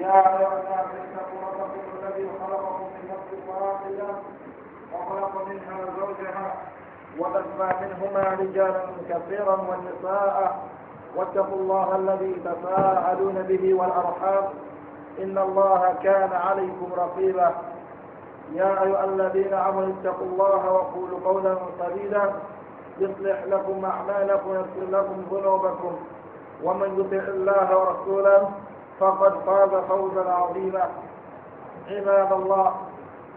يا الذي من نفس واحدة وخلق منها زوجها منهما رجالا كثيرا والنساء واتقوا الله الذي تساءلون به والأرحام إن الله كان عليكم رقيبا يا أيها الذين آمنوا اتقوا الله وقولوا قولا سديدا يصلح لكم أعمالكم ويغفر لكم ذنوبكم ومن يطع الله ورسوله فقد فاز فوزا عظيما عباد الله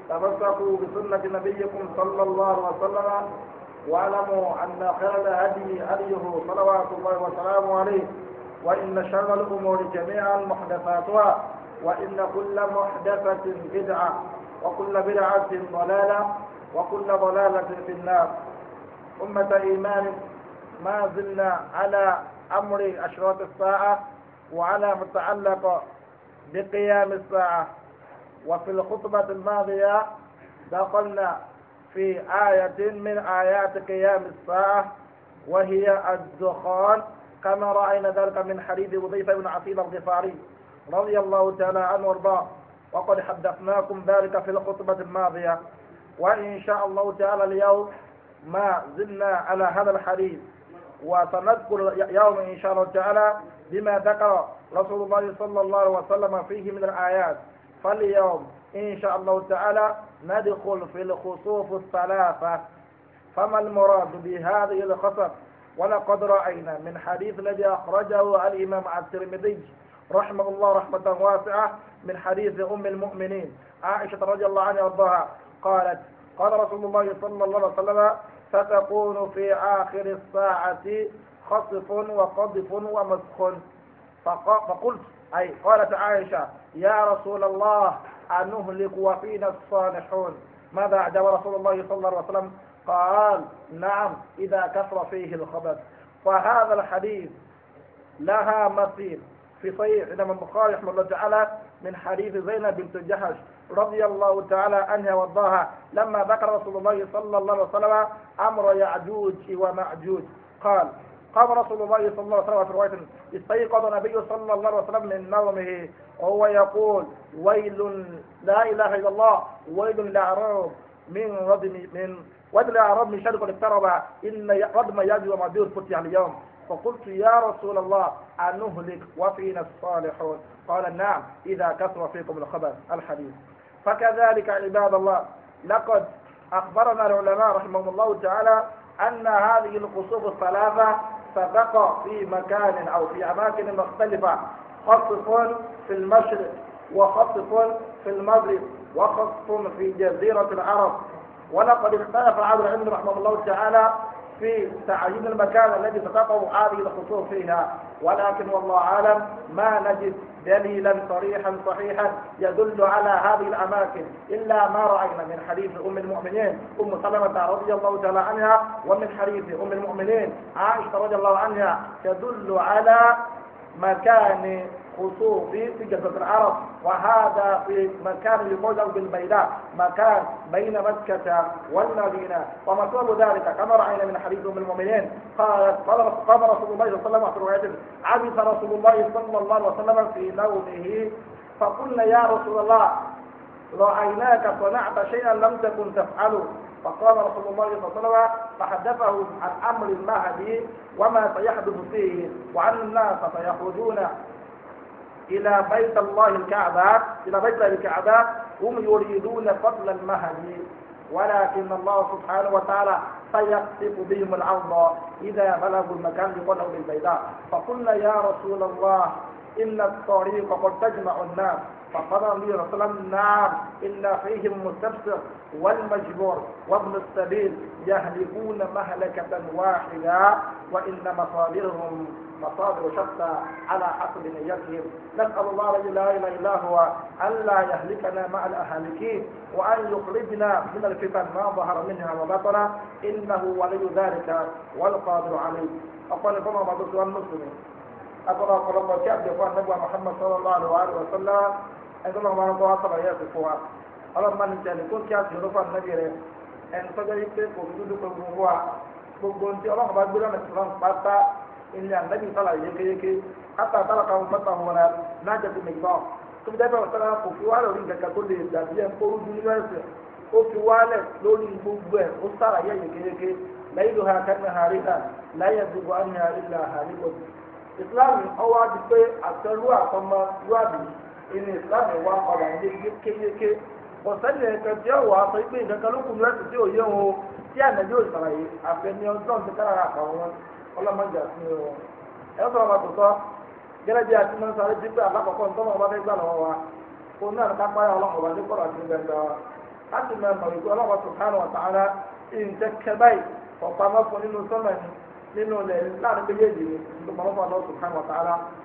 تمسكوا بسنة نبيكم صلى الله عليه وسلم واعلموا أن خير الهدي هديه صلوات الله وسلامه عليه وإن شر الأمور جميعا محدثاتها وإن كل محدثة بدعة وكل بدعة ضلالة وكل ضلالة في النار أمة إيمان ما زلنا على أمر أشراط الساعة وعلى متعلق بقيام الساعة وفي الخطبة الماضية دخلنا في آية من آيات قيام الساعة وهي الدخان كما رأينا ذلك من حديث وظيفة بن عصيب الغفاري رضي الله تعالى عنه وارضاه وقد حدثناكم ذلك في الخطبة الماضية وإن شاء الله تعالى اليوم ما زلنا على هذا الحديث وسنذكر يوم إن شاء الله تعالى بما ذكر رسول الله صلى الله عليه وسلم فيه من الآيات فاليوم إن شاء الله تعالى ندخل في الخصوف الثلاثة فما المراد بهذه الخصف ولقد رأينا من حديث الذي أخرجه الإمام الترمذي رحمه الله رحمة واسعة من حديث أم المؤمنين عائشة رضي الله عنها وارضاها قالت قال رسول الله صلى الله عليه وسلم ستكون في آخر الساعة قصف وقذف ومسخ فقلت أي قالت عائشة يا رسول الله أنهلك وفينا الصالحون ماذا أعجب رسول الله صلى الله عليه وسلم قال نعم إذا كثر فيه الخبث فهذا الحديث لها مثيل في صحيح إمام البخاري رحمه الله تعالى من حديث زينب بنت جحش رضي الله تعالى عنها وارضاها لما ذكر رسول الله صلى الله عليه وسلم أمر يعجوج ومعجوج قال قام رسول الله صلى الله عليه وسلم في رواية استيقظ النبي صلى الله عليه وسلم من نومه وهو يقول ويل لا إله إلا الله ويل للأعراب من ردم من ويل للأعراب من شرق اقترب إن ردم وما ومدير فتح اليوم فقلت يا رسول الله أنهلك وفينا الصالحون قال نعم إذا كثر فيكم الخبر الحديث فكذلك عباد الله لقد أخبرنا العلماء رحمهم الله تعالى أن هذه القصور الثلاثة فبقى في مكان أو في أماكن مختلفة خصف في المشرق وخصف في المغرب وخصف في جزيرة العرب ولقد اختلف عبد العلم رحمه الله تعالى في تعيين المكان الذي تقع هذه الخصوص فيها ولكن والله أعلم ما نجد دليلا صريحا صحيحا يدل على هذه الاماكن الا ما راينا من حديث ام المؤمنين ام سلمه رضي الله تعالى عنها ومن حديث ام المؤمنين عائشه رضي الله عنها تدل على مكان خصوصي في جزيرة العرب وهذا في مكان يقول بالبيداء مكان بين مكة والمدينة ومثل ذلك كما رأينا من حديث أم المؤمنين قالت قال رسول الله صلى الله عليه وسلم في عبث رسول الله صلى الله عليه وسلم في نومه فقلنا يا رسول الله رأيناك صنعت شيئا لم تكن تفعله فقال رسول الله صلى الله عليه وسلم فحدثهم عن أمر المهدي وما سيحدث فيه وأن الناس سيخرجون إلى بيت الله الكعبة إلى بيت الله الكعبة هم يريدون فضل المهدي ولكن الله سبحانه وتعالى سيقصف بهم الأرض إذا بلغوا المكان بقوله البيداء فقلنا يا رسول الله إن الطريق قد تجمع الناس فقال لي رسول الله نعم، إلا فيهم المستبصر والمجبور وابن السبيل يهلكون مهلكة واحدة وإن مصابرهم مصادر شتى على حسب نيتهم نسأل الله الذي لا إله إلا هو لا يهلكنا مع الأهالكين وأن يخرجنا من الفتن ما ظهر منها وبطن إنه ولي ذلك والقادر عليه أقول لكم بعض السؤال المسلمين أقول لكم رب الكعب يقول محمد صلى الله عليه وسلم ẹgbẹ́ náà wọn kọ́ wá sábà yẹ ẹ̀kọ́ wa ọlọ́run bá ní ti ẹni kó kí àti olófà nàbí rẹ ẹni tọ́jọ́ yìí pé kò dúdú pé gbogbo wa gbogbo ní ọlọ́run bá gbé lọ́nà ìsìlọ́n pátá ilé ànábì sálà yékéyéké kátà sálà kan mọ́tà wọn rẹ náà jẹ́ fún mi gbọ́ tó fi dẹ́gbẹ́ sálà kò fi wá lórí gàgà tó lè dàbí ẹ̀ kó rúdú nínú ẹ̀sẹ̀ ó gbogbo ẹ̀ ó sálà yẹ yékéyéké lẹ́yìn lóha ìsìlámù ọwọ́ àti pé àtẹrù àtọmọ lúàbí ìní ìsìlámù wa padà ní yékéyéké bọ̀sẹ́lẹ̀ kan tí ó wà á sọ pé nǹkan kan ló kún lẹ́sìn tí ò yé wọn o tí ànájú ò àfẹnì ọjọ́ ti kára àpàwọn ọlọ́mọdé àti mi wọn. ẹ sọ̀rọ̀ bàtò sọ gẹ́gẹ́ bí sáré fẹ́ gbà lọ́wọ́ wa kó náà ní kápá ọlọ́run ọba kọ́ra àti gbẹ̀ngà wa láti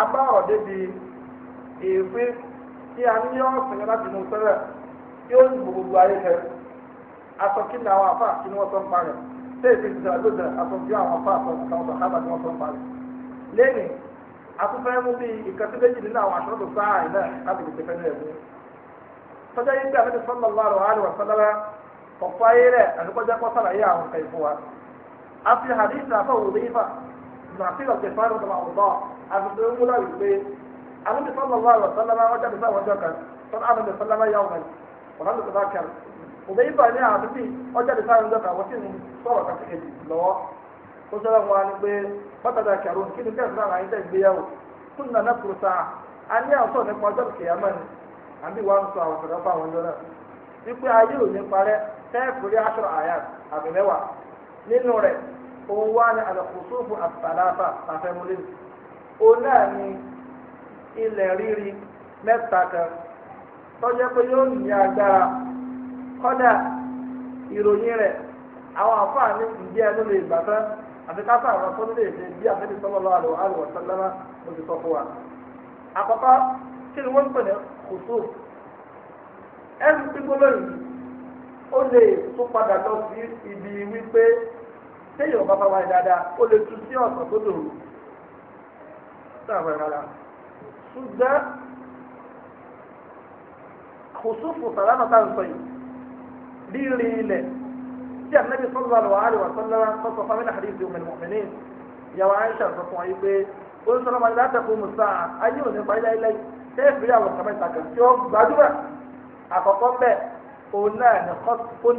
abá ọ̀dẹ́ di èéfín tí a ní ọ̀sìn yẹn láti mú sẹ́rẹ̀ a ó Asọki na awa afọ kẹ aṣọ kí ni àwọn afá kí ni wọ́n sọ ń parẹ̀ tẹ́ẹ̀sì ti sẹ́rẹ̀ lóde aṣọ kí àwọn afá àtọ̀ àtàwọn sàkábà ni wọ́n sọ ń parẹ̀ lẹ́yìn atúfẹ́ mú bí ìkàtí méjì nínú àwọn aṣọ tó sáà iná láti a nàfíìlà tẹ̀fà ló dàbà ọ̀dọ́ àtúntò ń múlá wípé àlùmí sọ́nà wà lọ sálámà wájà ní sáwọn ọjọ́ kan sọ́nà àlùmí sálámà yà wọ̀nyí wọ́n á lọ sọ́nà kẹr òbí ibà ní àtúntì ọjà ní sáwọn ọjọ́ kan wọ́n sì ń sọ̀rọ̀ kàkẹ́kẹ́ lọ́wọ́ ó sọ̀rọ̀ wọn ni pé pátádà kẹrù kí ni kẹsàn án àyíká ìgbéyàwó tún nà ná kúrò sáà a ní àwọn sọ̀rọ̀ nípa ọjọ́ kìyàmá ni àbí wàá ń sọ àwọn sọ̀rọ̀ fáwọn ọjọ́ náà wípé ayé ò ní parẹ́ tẹ́ẹ̀kù rí aṣọ àyà àbẹ̀mẹ́wà nínú rẹ̀ òun wá ní àlọ́kùnfófò àtàlàfà àfẹmúlé òun náà ilẹ̀ rírí mẹ́ta kan tọ́jẹ́ pé yóò ní agbára kọ́dà ìròyìn rẹ̀ àwọn àǹfààní ìdí ẹnu lè gbà tán àti ká sáà wọn tó lè ṣe bí àfẹ́lẹ́ sọ́lọ́lọ́ àlọ́ àlọ́ sọ́lọ́lá mo ti sọ fún wa. àkọ́kọ́ kí ni wọ́n ń téèyàn ò bá bá wáyé dáadáa ó lè tu sí ọ̀sán tó dòrò sí àwọn ẹ̀rọ ara ṣùgbọ́n kòsófò sàlámà tá à ń sọ yìí rírì ilẹ̀ tí ànábì sọ́dọ̀ àlọ́ àríwá sọ́dọ̀ sọ́dọ̀ fámílì àdìsí òmìnir mọ̀mìnì ìyàwó àyíṣà sọ fún wa yìí pé ó ń sọ́dọ̀ máa láti fún musa ayé òní pa ilé ilé tẹ́ẹ̀fì àwọn kàmá ìtàkà tí ó gbàdúrà àkọ́kọ́ bẹ́ẹ̀ òun náà ní kọ́síkún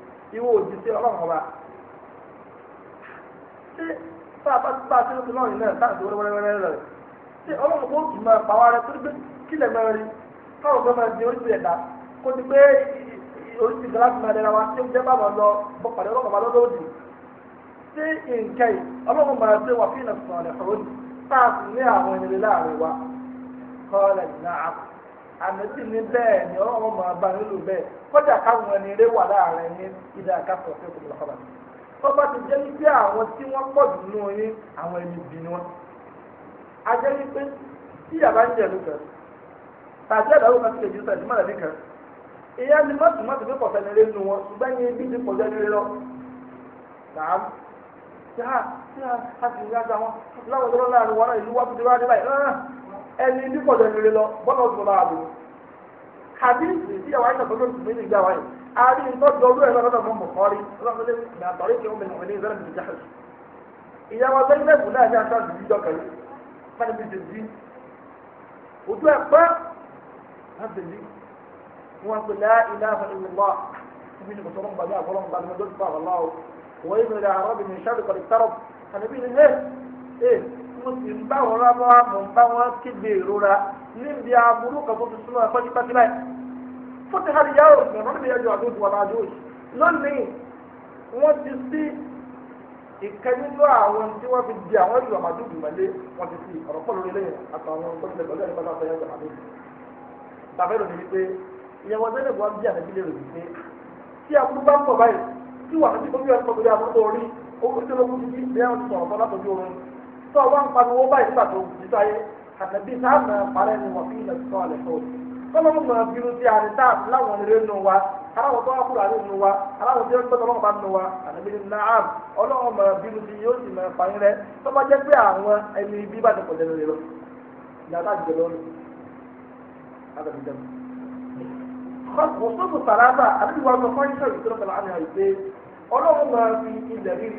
ìwọ òjíṣẹ́ ọlọ́run ọba ṣé bá a bá bá a ṣe ń lọ́rùn náà táà tó wẹ́rẹ́wẹ́rẹ́ rẹ̀ ṣé ọlọ́run kò tún máa pa wá rẹ tó gbé kílẹ̀ mẹ́rin káwọn gbọ́dọ̀ di oríṣi ẹ̀dá kó ti pé oríṣi ti máa wa tí jẹ́ bá lọ bọ́ pàdé ọlọ́run ọba lọ́dọ̀ òdì ṣé nǹkan yìí ọlọ́run máa ṣe wà fún àmẹ́sì ní bẹ́ẹ̀ ni ọlọ́run máa bá nílò bẹ́ẹ̀ kọjá káwọn ẹni eré wà láàrin ní ìdá àkàtọ̀ tó kùnà kọ́ba mi. tọ́ba ti jẹ́ wípé àwọn tí wọ́n pọ̀ jù nínú yín àwọn ẹni bì ni wọ́n. a jẹ́ wípé tí yàrá ń jẹ ìlú kan tàbí ẹ̀dáwó kan ti lè jù sẹ́yìn mọ́lẹ̀ bí kan. ìyá ni mọ́tò mọ́tò fi pọ̀sẹ̀ nílé wọn ṣùgbọ́n yín bí ti pọ̀sẹ̀ nílé lọ. làám tí a ẹni tí kò lẹ́nu rẹ lọ bọ́lá ọ̀sùn lọ́wọ́ àbí. Hadithi tí àwọn àyìnbó tó ń sùn nínú ìgbà wáyé. Àárín nǹkan tó ọdún ẹ̀rọ lọ́dọ̀ fún Bùkọ́rí ọlọ́mọdé ní àtọ̀rí kí ọmọ ìwé ní ìzẹ́rẹ̀ ní ìjà ṣe. Ìyàwó Zainabu náà ní aṣọ àti ìjọ kẹlẹ́ fẹ́ni bí ṣèjì. Ojú ẹ̀ pẹ́ wọ́n ṣèjì. Wọ́n pe lá ilá ìlúwà níbi ní kòtò ọlọ́mọdé àfọlọ́mọdé àti ọjọ́ ìfọ̀ àwọ̀lá o. Wọ́n yé mi rẹ̀ àrọ́bìnrin ṣáàdùkọ̀ mo sì ń bá wọn rábọ́ mo ń bá wọn kéde ìrora níbi aburú kan tó fi súnmọ́ ẹ̀kọ́ yípa sílẹ̀ fún ti hàlì yá òògùn ẹ̀rọ níbi ẹjọ́ àdóòdù wọn àdó òsì lónìí wọ́n ti sí ìkẹ́ nínú àwọn tí wọ́n fi di àwọn ìlú àmàdúgbò mọ́lé wọ́n ti sí ọ̀rọ̀ pọ̀ lórí lẹ́yìn àtàwọn tó ti lẹ̀ pẹ̀lú ẹ̀rọ pẹ̀lú ẹ̀rọ àmàdúgbò. bàbá ìròyìn wípé ìyẹn wọn bẹ́ẹ̀ wọ́n bí àtẹ̀bí lè ròyìn pé tí aburú bá tó a wá ń pariwo báyìí nígbà tó nígbà yẹ àtẹ̀bí sáà máa parẹ́ ni wọ́n fi ilẹ̀ tó alẹ́ tó tọ́lọ́mù máa bínú sí àní tá a láwọn eré nù wa aláwọ̀ tó wá kúrò àní nù wa aláwọ̀ tó yẹ kó tọ́lọ́mù bá nù wa àtẹ̀bí ni naam ọlọ́wọ́ máa bínú sí yóò sì máa fàyín rẹ tó jẹ́ pé àwọn ẹni ibi bá ti pọ̀jẹ́ lórí lọ ìyàtọ̀ àjùjọ lọ́nà àtẹ̀bíjẹ́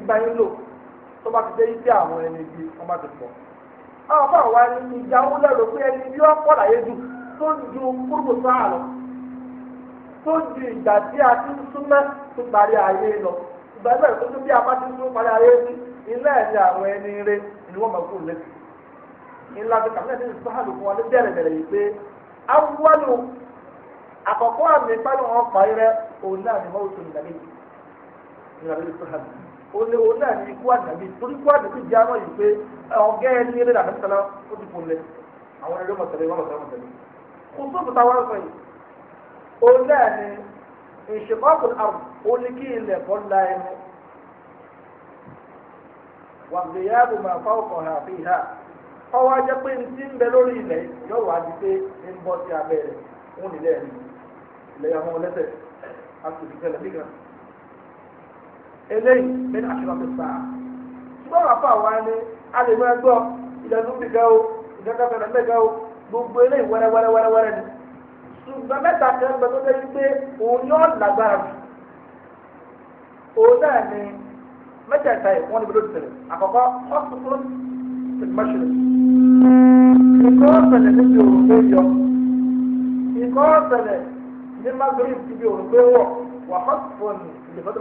mọ̀sọ́tò tó bá ibi àwọn ẹni bí wọ́n bá ti pọ̀. àwọn fún àwa ìyàwó lẹ́rọ pé ẹni bí pọ̀ láyé tó ju kúrúkù sọ lọ tó ju ìgbà tí a ti ń súnmọ́ tó parí ayé lọ ìgbà ìgbà tó bí a bá ti ń súnmọ́ parí ayé sí ilé ẹ̀dí àwọn ẹni rẹ ni wọ́n máa kú àkọ́kọ́ àmì olè òun náà ikú ànábì torí ikú ànábì jẹ́ àwọn yìí pé ọ̀gá ẹni eré làbẹ́ ó ti fún lẹ àwọn ẹgbẹ́ mọ̀tẹ́lẹ́ wọn mọ̀tẹ́lẹ́ mọ̀tẹ́lẹ́ kò tó kùtà wọn sọ yìí òun náà ìṣèkọ́kù àrùn ó ní kí fi hà ọwọ́ ajẹ́ pé ti ń bẹ lórí ilẹ̀ pé bọ́ sí abẹ́ rẹ̀ ń nílẹ̀ eléyìí lẹ́nu àṣìlọ́pẹ̀ sáà ṣùgbọ́n àpá àwa ni a lè máa gbọ́ ìdánù bí gan o ìdánù kan náà gan o gbogbo eléyìí wẹ́rẹ́wẹ́rẹ́wẹ́rẹ́ ni ṣùgbọ́n mẹ́ta kan gbẹ tó dé wípé òun yóò lágbára jù òun náà ni mẹ́tẹ̀ẹ̀ta yìí wọ́n ní bí tẹ̀lé àkọ́kọ́ hospital admission ìkọ́ ọ̀sẹ̀lẹ̀ níbi òrùn pé yọ ìkọ́ ọ̀sẹ̀lẹ̀ ní magrib níbi òrùn pé wọ̀ wà hospital ìdìbò tó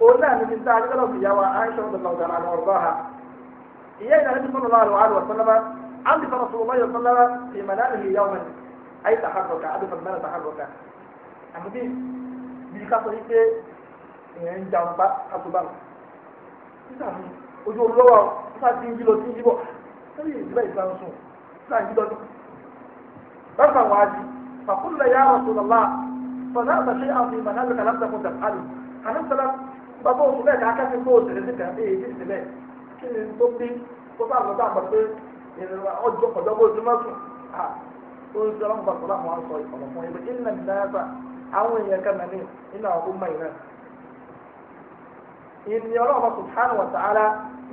òun náà níbi tá a nígbà lọ́sì yá wa aisha ọ̀dọ̀ lọ́dọ̀ àwọn ọ̀rọ̀ ha ìyá ìyá níbi sọ́nà láàrú àrùn ọ̀sánlámà àti fara sọ̀rọ̀ báyọ̀ sọ́nlámà ti màdá nìyí yá wọn ayé tàhárọ̀kà àti fara mẹ́rin tàhárọ̀kà àmì bí ká sọ wípé ìyẹn ń jàǹbá àtúbà nígbà mi ojú olówó nígbà tí ń jílọ tí ń jíbọ̀ sẹ́yìn ìdílé ìgbà ń sùn nígbà ń jílọ bákan wá di fàkúlẹ̀ yá rasulullah fọ̀nà àtàṣe àwọn ìmọ̀ náà lọ́kà láti dàkún dàkún àlè àná sọ́lá bàbá òun bẹ́ẹ̀ ká kẹ́sì kó òṣèré sí kàn bí èyí sílẹ̀ kí ni tó bí kó pé ọjọ́ ọjọ́ bó ti à ó ń fún kí nà nìyá sà àwọn èèyàn kan nà ní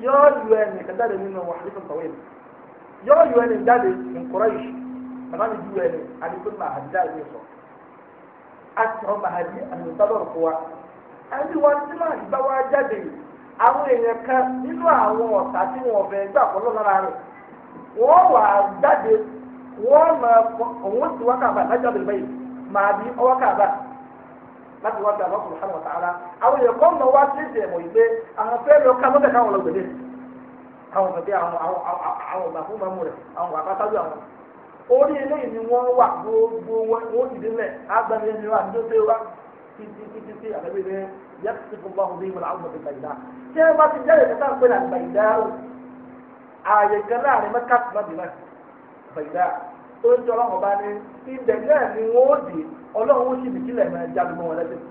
yóò yọ kan jáde nínú wà ní yóò yọ jáde yìí mi ju màhàdí sọ ẹni wọn tí máa gbá wá jáde àwọn èèyàn kan nínú àwọn ọ̀tá tí wọn ọ̀fẹ́ gbà fọlọ́ lára rẹ̀ wọ́n wà jáde wọ́n máa òun ti wákàbà lájà báyìí màá bí láti wá àwọn ọkùnrin ara àwọn èèyàn kan máa wá sí ìdè ẹ̀mọ̀ yìí pé àwọn lọ títí títí tí àlẹ́bí rẹ̀ yẹ́sìtìkù bá wọn bí wọn àwọn ọmọdé bàyìí náà. ṣé ẹ bá ti jẹ́ ìdílé náà pé náà bàyìí náà o ààyè kan láàrin mẹ́ka tó má bìí náà bàyìí náà tó ń jọ ọlọ́run bá ní ibẹ̀ náà ni wọ́n ó dì ọlọ́run ó sì bì kílẹ̀ máa já gbogbo wọn lẹ́sẹ̀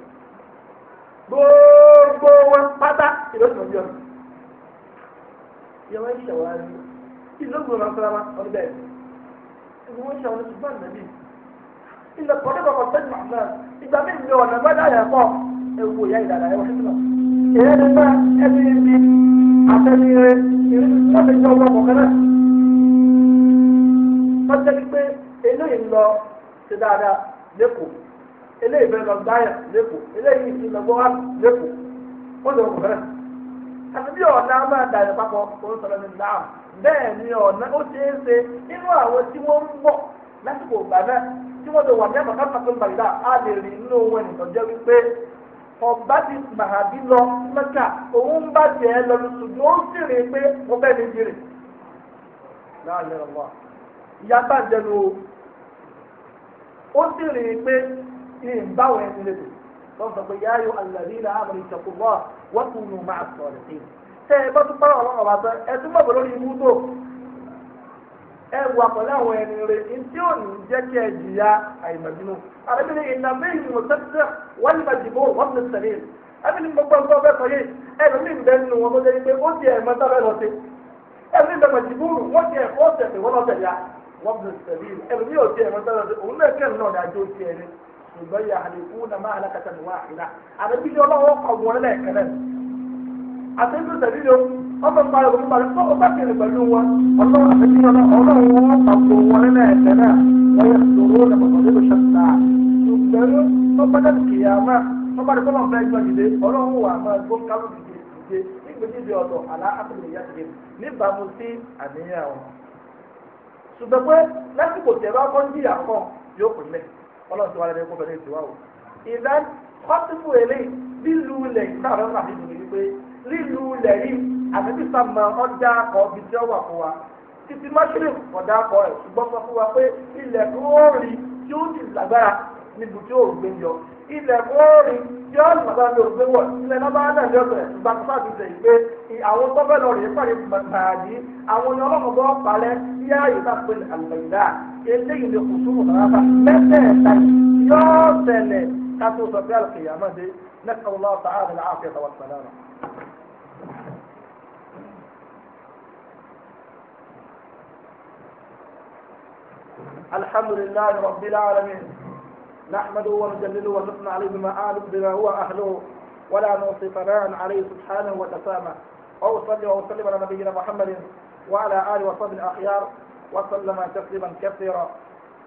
ilẹ̀ pọ̀lẹ́ bàbá sẹ́yìn màmá ìgbà mi ìlú ọ̀nà gbọ́dọ̀ ayẹ̀ pọ̀ ewu ìyá ìdàdà ẹ̀wọ̀n sísè náà. èyí ni bá ẹbí mi àtẹni rẹ ìrírí láti jẹ ọgbà kọ̀kẹ́rẹ́. wọ́n jẹ́ pé eléyìí lọ ṣe dáadáa lẹ́kọ̀ọ́ eléyìí bẹ̀rẹ̀ lọ gbáyà lẹ́kọ̀ọ́ eléyìí ti lọ gbọ́wá lẹ́kọ̀ọ́ wọ́n jẹ́ kọ̀kẹ́rẹ́. àti bí ọ̀nà máa dàrẹ̀ papọ̀ òun sọ̀rọ̀ ní dáàm bẹ́ẹ̀ ni ọ̀nà ó ṣeé ṣe nínú àwọn tí wọ́n ń bọ̀ lásìkò ìgbà náà tí wọ́n ti wà ní àmọ̀ká pàtó bàyìlá á lè rí inú wọn ìtọ́jọ́ wípé ọba ti màhábí lọ mẹ́ta òun bá tiẹ̀ lọ ṣùgbọ́n ó sì rí i pé mo bẹ́ẹ̀ ní jìrì. láàyè ọ̀wọ́ ìyá bá jẹnu o ó sì rí i pé ìbáwọ̀ ẹni lè dùn wọ́n sọ pé yáyọ alladhina amanu ittaqullaha wa kunu ma'a as-salihin. tẹ́ ẹ bá tún pàrọ̀ ọlọ́run ọba tán ẹ tún mọ̀ ẹ wà pẹ̀lú àwọn ẹni rẹ̀ ntí ò ní jẹ́ kí ẹ jìyà àìmọ̀dúnú. àbẹ̀bí ìnàmẹ́yìn ni mo tẹ́tẹ́ wọ́n ní màjìbò wọ́n ní sẹ́lẹ̀. àbẹ̀bí ni gbogbo nǹkan ọbẹ̀ sọ̀yé ẹ̀rọ mi bẹ́ẹ̀ nínú wọn lọ́jọ́ pé ó di ẹ̀mọ́ sábẹ́ lọ sí. ẹ̀rọ mi wọ́n ya mi di ọmọ nkpari ọmọ nkpari fún ọba kiri pẹ̀lú wọn ọlọ́run àti ọlọ ọlọ́run wọn pàtó wọn nínú ẹsẹ̀ náà wọn yẹ sòrò ní bàbá tó ṣe ta ṣùgbọ́n ọba dàbí kìyàmá ọba dàbí ọlọ́run fẹẹ gbọ́ dìde ọlọ́run wà máa gbó kálù dìde dìde nígbèjì di ọ̀dọ̀ àlá àpèlè yá dìde níbàámu sí àníyàn wọn. ṣùgbọ́n pé lásìkò tẹ̀rọ akọ́ńdíyà kan yóò pè mẹ́ ọlọ́run ti wà lẹ́nu ẹ̀kọ́ bẹ̀rẹ̀ ìtìwá o. ìdá kọ́tùfù eléyìí àbẹ̀bí sàmà ọjà akọ ibi tí ó wà fún wa títí mọ́ṣílì ọ̀dà akọ rẹ̀ ṣùgbọ́n sọ fún wa pé ilẹ̀ kúròrì tí ó ti lágbára níbi tí ó gbé yọ ilẹ̀ kúròrì tí ó lágbára ní ògbé wọ̀ ilẹ̀ náà bá náà ní ọ̀sẹ̀ ìgbà tó sáà ti sẹ̀ yìí pé àwọn tó fẹ́ lọ rèé pàdé màtàdí àwọn ni ọlọ́mọ bọ́ palẹ̀ yá yìí bá pé àlùbẹ̀dá eléyìí ni kùsùmù nàrà mẹ́tẹ̀ẹ̀ta yọ̀ọ́ sẹlẹ̀ ká tó sọ bí alùpùpù yàmọ́ de nẹ́kọ̀ọ́ lọ́wọ́ sàárẹ̀ ní àfẹ́ tàwọn sàlẹ̀ rẹ̀. الحمد لله رب العالمين نحمده ونجلله ونثنى عليه بما آل بما هو أهله ولا نوصي ثناء عليه سبحانه وتسامى وأصلي وأسلم على نبينا محمد وعلى آله وصحبه الأخيار وسلم تسليما كثيرا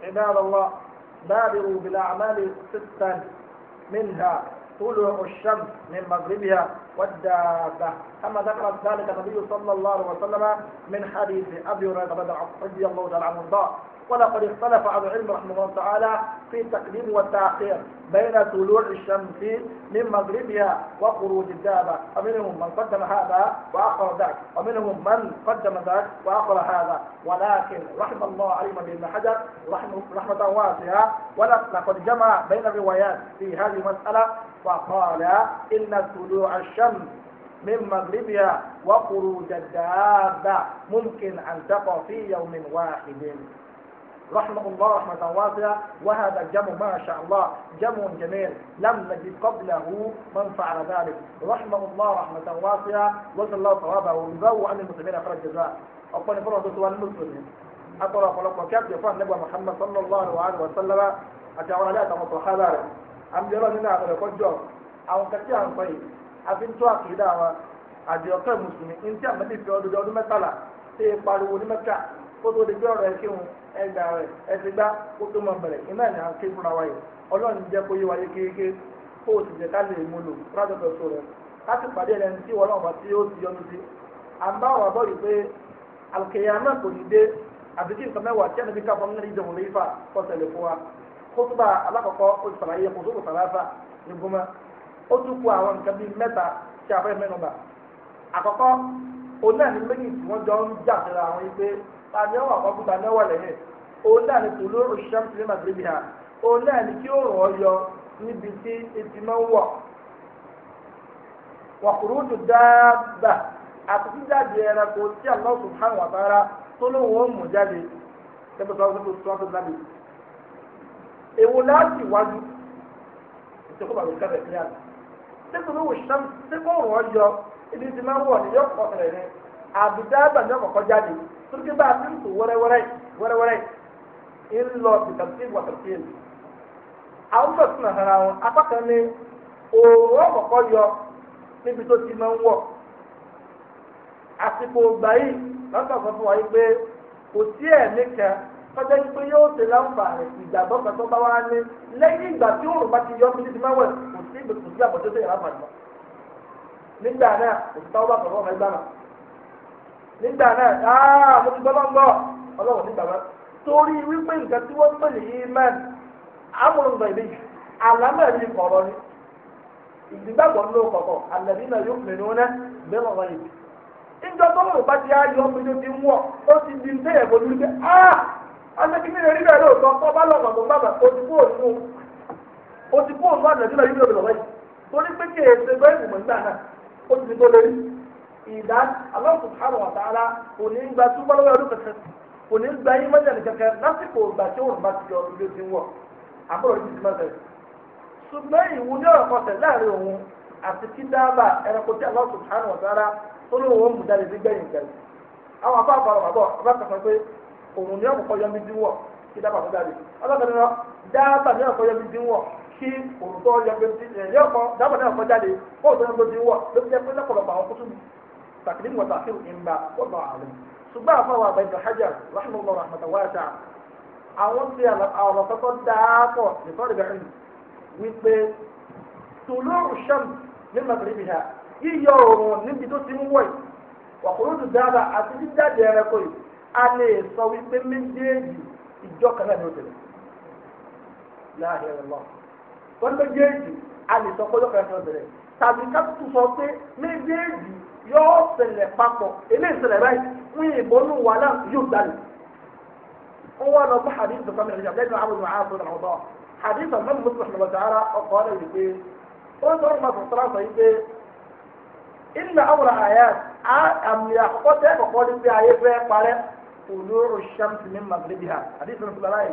عباد الله بادروا بالأعمال ستا منها طلوع الشمس من مغربها والدابة كما ذكر ذلك النبي صلى الله عليه وسلم من حديث أبي هريرة رضي الله تعالى عنه وارضاه ولقد اختلف أهل العلم رحمه الله تعالى في التقديم والتأخير بين طلوع الشمس من مغربها وخروج الدابة فمنهم من قدم هذا وأخر ذاك ومنهم من قدم ذاك وأخر هذا ولكن رحم الله عليم بن حجر رحمة واسعة ولقد جمع بين الروايات في هذه المسألة فقال إن طلوع الشمس من مغربها وخروج الدابة ممكن أن تقع في يوم واحد رحمه الله رحمة واسعة وهذا الجمع ما شاء الله جمع جميل لم نجد قبله من فعل ذلك رحمه الله رحمة واسعة وصلى الله صوابه وجزاه عن المسلمين خير الجزاء أقول فرصة سؤال المسلمين أقول أقول أقول كيف يفعل النبي محمد صلى الله عليه وسلم أتعوى لا تمطلحات ذلك àmìjọ́lọ́ nínú àwọn ẹ̀kọ́ jọ àwọn kẹtí à ń sọ yìí àfi ń tó àkìdá àwọn àdìọ́kẹ́ mùsùlùmí ní tí àmì ìfẹ́ ọdún ọdún mẹ́tàlá ṣe é pariwo ní mẹ́kà kó tó di pé ọ̀rọ̀ ẹ kírun ẹgbà rẹ̀ ẹ ti gbá kó tó mọ bẹ̀rẹ̀ iná ẹ̀ ní à ń ké fúnra wa yìí ọlọ́run jẹ́ kó yé wa yé kéèké kó o sì jẹ́ ká lè mú lò rádọ́tọ̀ sọ rẹ̀ láti pàdé ẹni kótóbà alákọ̀ọ́kọ́ ó ti sàlàyé kòtòkò sàlàfà ní gbọmọ ó tún kú àwọn nǹkan bíi mẹ́ta tí a fẹ́ mẹ́nubà àkọ́kọ́ òun náà ní méjì tí wọ́n jọ ń jà síra àwọn yìí pé ta ni ọwọ́ àkọ́kọ́ ta ni ọwọ́ lẹ́yìn òun náà ní tòló òṣìṣẹ́ ti ní màgbébí ha òun náà ní kí ó rọ̀ yọ níbi tí etí máa ń wọ̀ wàkùrú tó dáàbà àti jíjáde ẹranko tí Allah subhanahu wa ta'ala tó lóun ó mú jáde lẹ́gbẹ̀ẹ́ tó wá sí tó tó wá sí lábẹ́ èwo láti wájú ìṣèkó bàbá ìṣẹ́lẹ̀ ní àná sẹ́kọ̀ọ́ bí wòṣán sẹ́kọ̀ọ́ wọ́n yọ ibi tí máa ń wọ̀ ní yọkọ̀ rẹ̀ ní àbùdáàbà ní ọkọ̀ jáde tókè bá a ti ń tò wẹ́rẹ́wẹ́rẹ́ wẹ́rẹ́wẹ́rẹ́ ń lọ tìtàtì wàtàtì ẹ̀ àwọn tó tún àhàrà wọn yọ níbi tó ti máa ń wọ̀ àsìkò yìí lọ́sọ̀ọ̀sọ̀ fún wa yìí pé kò kọjá yoo pé yóò ṣe láǹfààní ìgbàgbọ́ kan tó bá wá ní lẹ́yìn ìgbà tí òòrùn bá ti yọ mí títí máwẹ̀ kò sí ìgbà sí tó mọ́. nígbà náà kò sí táwọn bá ọmọ ẹgbẹ́ nígbà náà ah, mo ti gbọ́dọ̀ ń bọ̀ ọlọ́run nígbà náà torí wípé nǹkan tí wọ́n pè ní imán amúrùngbà ìbí àlámẹ́rì kọ̀ọ̀rọ̀ ni ìdìgbàgbọ́ ìjọba asekini lórí bẹ́ẹ̀ lóòótọ́ na bá lọ́nà tó gbàgbà o ti o na yìí lóòótọ́ lọ́wọ́ torí pé kí èsè bẹ́ẹ̀ ìgbìmọ̀ nígbà náà o ti tó lórí ìdá Allah subhanahu wa ta'ala kò ní gba túbọ̀ lọ́wọ́ ọdún kò ní gba yín lásìkò ìgbà tí òun bá ti yọ wọ̀ àbúrò ti ṣùgbọ́n ìwú ní ọ̀rọ̀ láàrin òun àti kí òun ni ọkọ̀ yọ mi dínwọ̀ kí dábàá tó jáde ọlọ́kàn náà dábàá ní ọkọ̀ yọ mi dínwọ̀ kí òun tó yọ mi dínwọ̀ ní ọkọ̀ dábàá ní ọkọ̀ jáde kó òun tó yọ ló fi jẹ́ pé lọ́pọ̀lọpọ̀ àwọn kútùmù tàkìlì wọ̀tà kí n bá wọ́n bá àlẹ́ ṣùgbọ́n àfọwọ́ àbẹ̀ ìdàhájà rahmanulah rahmatawasa àwọn ti àwọn ha yíyọ òòrùn níbi tó ti ń wọ̀ a lè sọ wípé méjèèjì ìjọ kan náà ni ó tẹ̀lé láàrin méjèèjì a lè sọ pé kan náà ni ó tẹ̀lé tàbí ká tún sọ pé méjèèjì yóò papọ̀ báyìí fún wàhálà yóò lọ fún hadith tó fẹ́mi rẹ̀ lẹ́nu àwọn àbúrò àwọn ọ̀dọ́ hadith àwọn mẹ́rin mọ́tò ṣùgbọ́n tààrà طلوع الشمس من مغربها حديث رسول الله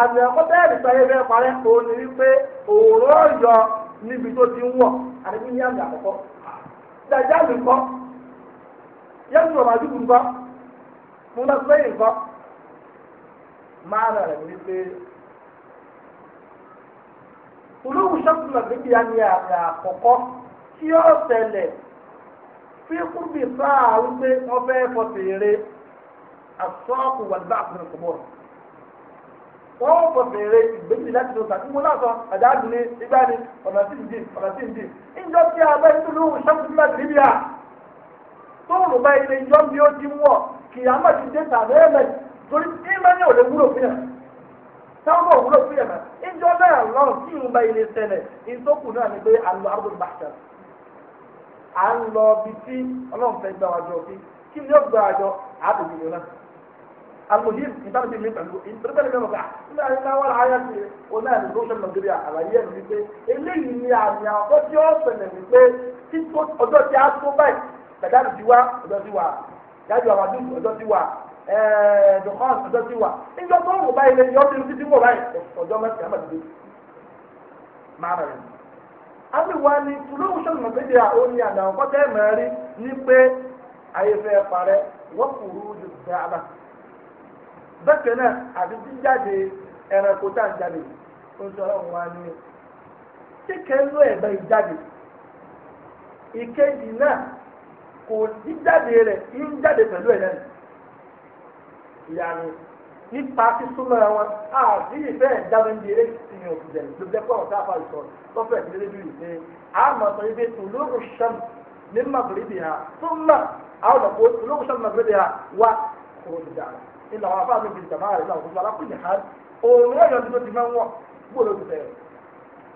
àmì ẹ̀kọ́ bẹ́ẹ̀ ní ni wípé òòrùn ọ̀yọ́ níbi tó ti ń wọ̀ àdébí ní àmì àkọ́kọ́ dàjà mi kọ́ yẹ́sùn ọ̀mà nkọ. ńkọ́ mo lọ sọ èyí ńkọ́ máa asọ́ọ̀kù wà nígbà àkùnrin kò mọ̀ wọ́n fọ fèrè ìgbésí láti lọ sàkúmú náà ni ọ̀nà tí ń dì ọ̀nà tí a bá tún lóhùn sẹ́kùn náà tìrìbì à tóòrù bá ilé bí ó ti kì á má ti dé torí ìmọ̀ ní òde wúlò fún yàn sáwọn òwúlò fún yàn náà المهم nítorí ti mi pẹ̀lú nítorí pẹ̀lú mi wọ̀ká nígbà tí wọ́n wọ́n ayé ti oní àmì social media àlàyé ẹ̀ wípé eléyìí ni àmì àkọ́ tí ó ṣẹlẹ̀ wípé títún ọjọ́ tí a tó báyìí gbàdáàdì ti wá ọjọ́ ti wà yájú àwàdù ọjọ́ ti wà dùkọ́n ọjọ́ ti wà níjọ́ tó ń wò báyìí lè yọ ọ́dún títí wò báyìí ọjọ́ mẹ́sàn-án àmàlùdé máa rẹ̀ àmì wa ni tùlóhùn social media ó ní àmì àkọ́ tẹ́ mẹ́rin ní pé ayé fẹ́ parẹ́ wọ́n kúrú ju dáadáa bákan náà àbí jíjáde ẹranko tá à ń jáde ó ń sọ̀rọ̀ wọn ní kíkẹ́ ló ẹ̀gbẹ́ ìjáde ìkejì náà kò jíjáde rẹ̀ ń jáde pẹ̀lú ẹ̀ náà ìyanu nípa wọn àti ìfẹ́ ìjáde di eré ìyàn òkùnjẹ ló ọ̀tá àfa ìsọ̀ lọ́fẹ̀ ìdílé bí àmọ́ sọ ibi sẹ́mu ní ha tó mọ̀ àwọn ọ̀pọ̀ tòlóòrò sẹ́mu màgòlíbì ha wá kúrò ilà àwọn afáàmì bìrì kàmá rẹ̀ ilà òkúta alákùnrin ha òun yóò yọjú lójú mẹ́ wọ́n gbọ́ lójú fẹ́ rẹ̀.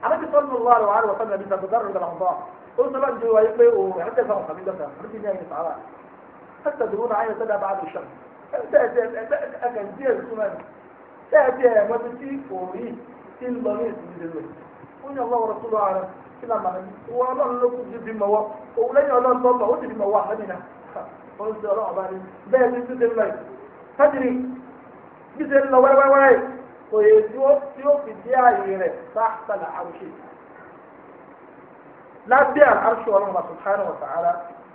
àbẹ́tí sọ́nù wà lọ́wọ́ àrùn ọ̀sán nàbí sàbùdá rẹ̀ gbàlà ọ̀bọ̀ ó sọ́nà ń jẹ́ wáyé pé òun rẹ̀ ń tẹ̀sán ọ̀sán mi dọ́ta àbẹ́tí ní ẹ̀yìn sàrà ẹ̀tẹ̀ dùrú náà ayọ̀ sẹ́dá bá a lè ṣàn ẹ̀tẹ̀ ẹ̀kẹ̀ ń díẹ̀ súnmọ́ ẹ̀ tẹ́ẹ̀tẹ́ ẹ̀ mọ́tò lò ó ní ọlọ́wọ́ rẹ̀ tó lọ ààrẹ kí ló máa ń wọ ọlọ́run ló kú ju bí mọ̀wọ́ òun lẹ́yìn ọlọ́run tó lọ ó sì bí mọ̀wọ́ àhẹ́mìnà ó ń sọ ọlọ́run bá rí bẹ́ẹ̀ ni kájìrì bí ṣe ń lọ wẹ́rẹ́wẹ́rẹ́ kò yẹ tí ó fi dé ààyè rẹ̀ tahta al-arshi lábẹ́ al-arshi ọlọ́run wa subhanahu wa ta'ala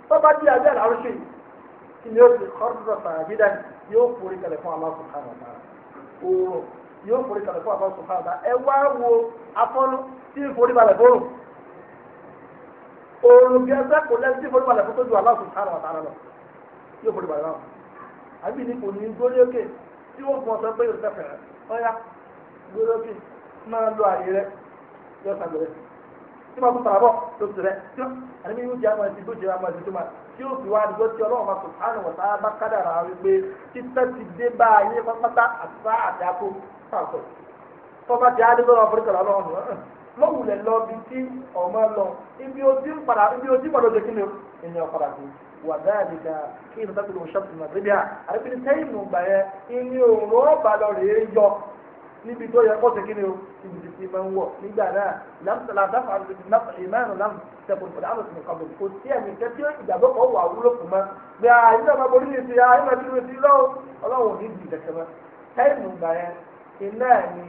tó bá dé abẹ́ al-arshi kí ni ó ti kọ́ńtà sàbídà yóò forí kalẹ̀ fún Allah subhanahu wa ta'ala oorun yóò forí kalẹ̀ fún Allah subhanahu wa ẹ wá wo afọ́nú tí ń forí balẹ̀ fóorùn oorun bí ẹgbẹ́ kò lẹ́sí àbí ní kò ní gbóríókè tí ó fún ọ sọ pé yóò sẹfẹ rẹ ọyá gbóríókè máa lo àyè rẹ yóò sàgbẹ rẹ tí wọn tún tààbọ tó ti rẹ tí àdébí yóò jẹ àwọn ẹsìn tó jẹ àwọn ẹsìn tó máa tí ó fi wá àdúgbò tí ọlọ́run máa sùn àánú wọ̀tá bá kádàrà wípé títẹ́ ti dé bá ayé pátápátá àtúntà àti akó pàtó tọ́ba ti àdébí lọ́wọ́ fúrikà lọ́wọ́ lọ́wọ́ lọ́wọ́ lọ́wọ́ lọ́wọ́ bí tí ọmọ lọ ibi ojú padà ibi ojú padà ó nínú ọkọ̀ àti wà dáàdìdà kí ìlú tábìlì òṣèlú nàìjíríà àrẹ́bìnrin tẹ́yìn nù gbà yẹn ìní òun ó bà lọ rèé yọ níbi tó yẹ kó ti kí ni o ibi tí ma ń wọ nígbà náà làmùsàlà àdáfà àdùnnàfà ìmáàrún làmù sẹkùn fún àwọn ìsìnkà bò kò sí ẹni kẹtí ìgbàgbọ́ kan wà wúlò fún ma bí a yìí náà ma borí ní ti a yìí ma bínú ti lọ́wọ́ ọlọ́run ní ìdí kẹkẹ ma táìmù gbà yẹn iná ẹ̀ ní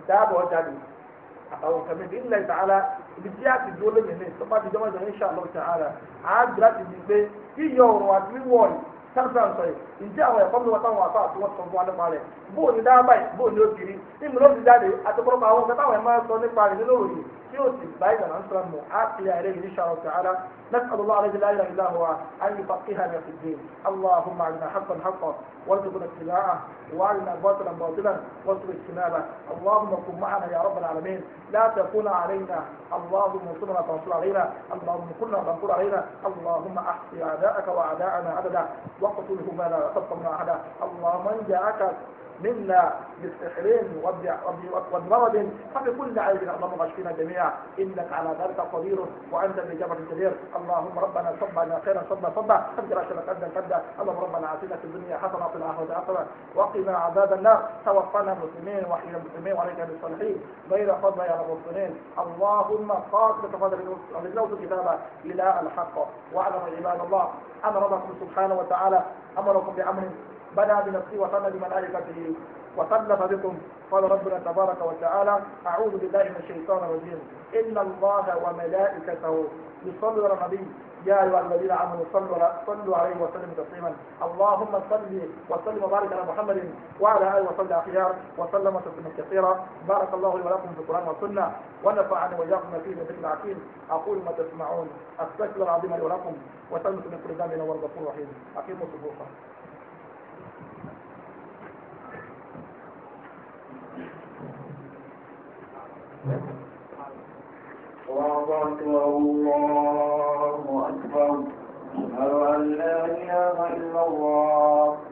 ìdáàbọ̀ ọjà lò àbàwọn kàmí bí ilẹ̀ ìtàlá ibi tí a ti dúró lónìí ní ìsọpá ti jọmọ ìjọ ní sàlọ tààrà àá gbé láti di pé yíyọ òrùn àti wíwọ yìí sáńsán sọ yìí ǹjẹ́ àwọn ẹ̀kọ́ mi wọ́n táwọn àfa àti wọ́n sọ fún wa nípa rẹ̀ bó ní dábàá yìí bó ní ó ti rí ìmú ló ti jáde àtọ́kọ́rọ́ àwọn ọ̀gá táwọn ẹ̀ máa sọ nípa rẹ̀ nínú òòyì tí ó sì bá ìgbà náà ń sọ̀rọ̀ mọ̀ á ti àìrè yìí ṣàrọ̀ tààrà نسأل الله الذي لا إله إلا هو أن يفقهنا في الدين اللهم أرنا حقا حقا وارزقنا اتباعه وأرنا باطلا باطلا وارزقنا اجتنابه اللهم كن معنا يا رب العالمين لا تكون علينا اللهم انصرنا فانصر علينا اللهم كنا فانصر علينا اللهم أحصي أعداءك وأعداءنا عددا وقتلهما لا تطمع على الله من جاءك منا بالسحر مرض فبكل عيب اللهم اشفنا جميعا انك على ذلك قدير وانت بجبر كبير اللهم ربنا صبنا خيرا صبنا صبا فاجر اشرك قدا قدا اللهم ربنا اعطنا في الدنيا حسنه وفي الاخره حسنه وقنا عذاب النار توفنا مسلمين وحينا المسلمين وعليك بالصالحين غير فضل يا رب الصالحين اللهم خاصة تفضل النوت الكتاب الى الحق واعلم عباد الله امركم سبحانه وتعالى امركم بامر بدا بنفسه وصلى بملائكته وقد وكلف بكم قال ربنا تبارك وتعالى أعوذ بالله من الشيطان الرجيم إن الله وملائكته يصلوا على النبي يا أيها الذين آمنوا صلوا صلوا عليه وسلموا تسليما اللهم صل وسلم وبارك على محمد وعلى آله وصحبه أخيار وسلم تسليما كثيرا بارك الله لي ولكم في القرآن والسنة ونفعني وإياكم فيه من ذكر الحكيم أقول ما تسمعون أستغفر العظيم لي ولكم وسلمت من كل ذنب وهو الغفور الرحيم أقيموا صفوفكم وأكبر الله أكبر أشهد أن لا إله إلا الله